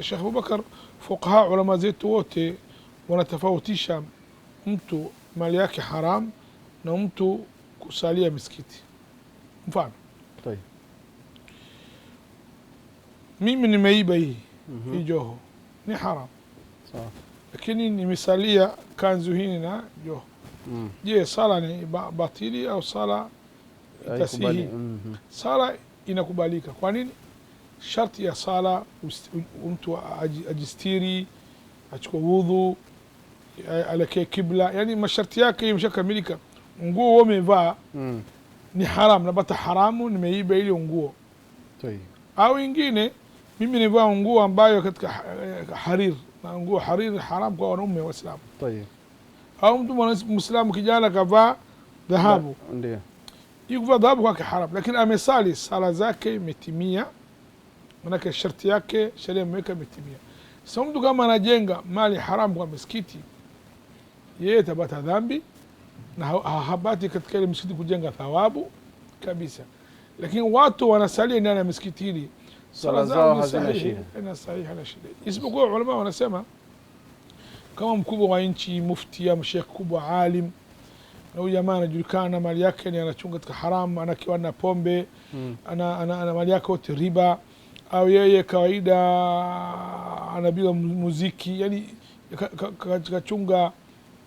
Sheikh Abubakar, fuqaha ulama zetu wote wanatofautisha mtu mali yake haram na mtu kusalia misikiti. Mfano mimi nimeiba hii mhm. hii joho ni haram, lakini nimesalia kanzu hii na joho. Mm. Je, sala ni batili au sala itasihi? Mhm. Sala inakubalika. Kwa nini? sharti ya sala mtu ajistiri, achukue wudhu, alekee kibla, yani masharti yake imeshakamilika. Nguo wewe umevaa mm. ni haram, napata haramu, nimeiba ile nguo au ingine. Mimi nivaa nguo ambayo katika eh, harir, na nguo harir haram kwa wanaume Waislamu. Au mtu Muislamu kijana kavaa dhahabu, ndio kuvaa dhahabu kwake haram, lakini amesali sala zake imetimia. Manake sharti yake sheria imeweka imetimia. Sa mtu kama anajenga mali haramu kwa misikiti, yeye tabata dhambi na habati katika ile msikiti kujenga thawabu kabisa, lakini watu wanasalia ndani ya misikiti hili sala zao hazina shida, isipokuwa ulama wanasema kama mkubwa wa nchi, mufti au mshekh kubwa, alim na huyu jamaa anajulikana, mali yake ni anachunga katika haramu, hmm. ana kiwanda pombe, ana mali yake yote riba au yeye kawaida anabila muziki, yani kachunga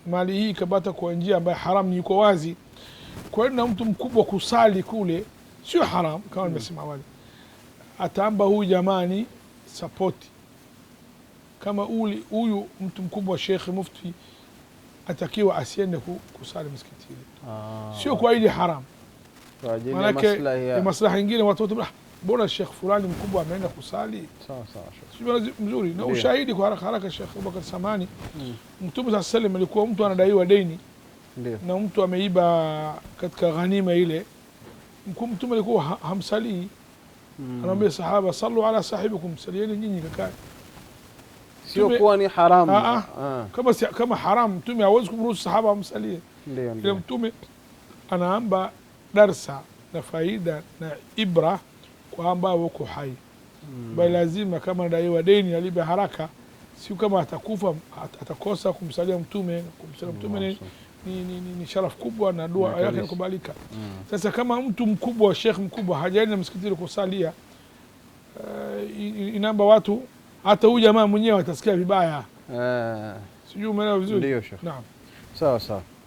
mali hii ikapata kwa njia ambayo haramu yuko wazi. Kwa hiyo na mtu mkubwa kusali kule sio haram kama mm. nimesema awali, ataamba huyu jamani, sapoti kama uli huyu mtu mkubwa shekhe mufti atakiwa asiende kusali msikitini, ah. sio kwa ajili haramu, maanake maslahi ingine watoto bora Sheikh fulani mkubwa ameenda kusali sawa sawa, mzuri na ushahidi kwa haraka haraka. Sheikh Abubakar Samani, mm. Mtume saa salam alikuwa mtu anadaiwa deni Ndiyo. na mtu ameiba katika ghanima ile, Mtume alikuwa hamsalii mm. anamwambia sahaba, sallu ala sahibikum, salieni nyinyi kaka, sio kuwa ni haramu aa, ah, aa. Ah. Ah. Kama, kama haramu Mtume hawezi kumruhusu sahaba amsalie. Ile Mtume anaamba darsa na faida na ibra kwamba wako hai mm. Bali lazima kama anadaiwa deni alibe haraka, sio kama atakufa atakosa kumsalia Mtume. Kumsalia Mtume ni, ni, ni, ni, ni sharafu kubwa na dua yake inakubalika mm. Sasa kama mtu mkubwa, shekh mkubwa hajaenda msikitini kusalia, uh, inamba watu hata huyu jamaa mwenyewe atasikia vibaya uh, sijui umeelewa vizuri? Ndio, naam, sawa sawa.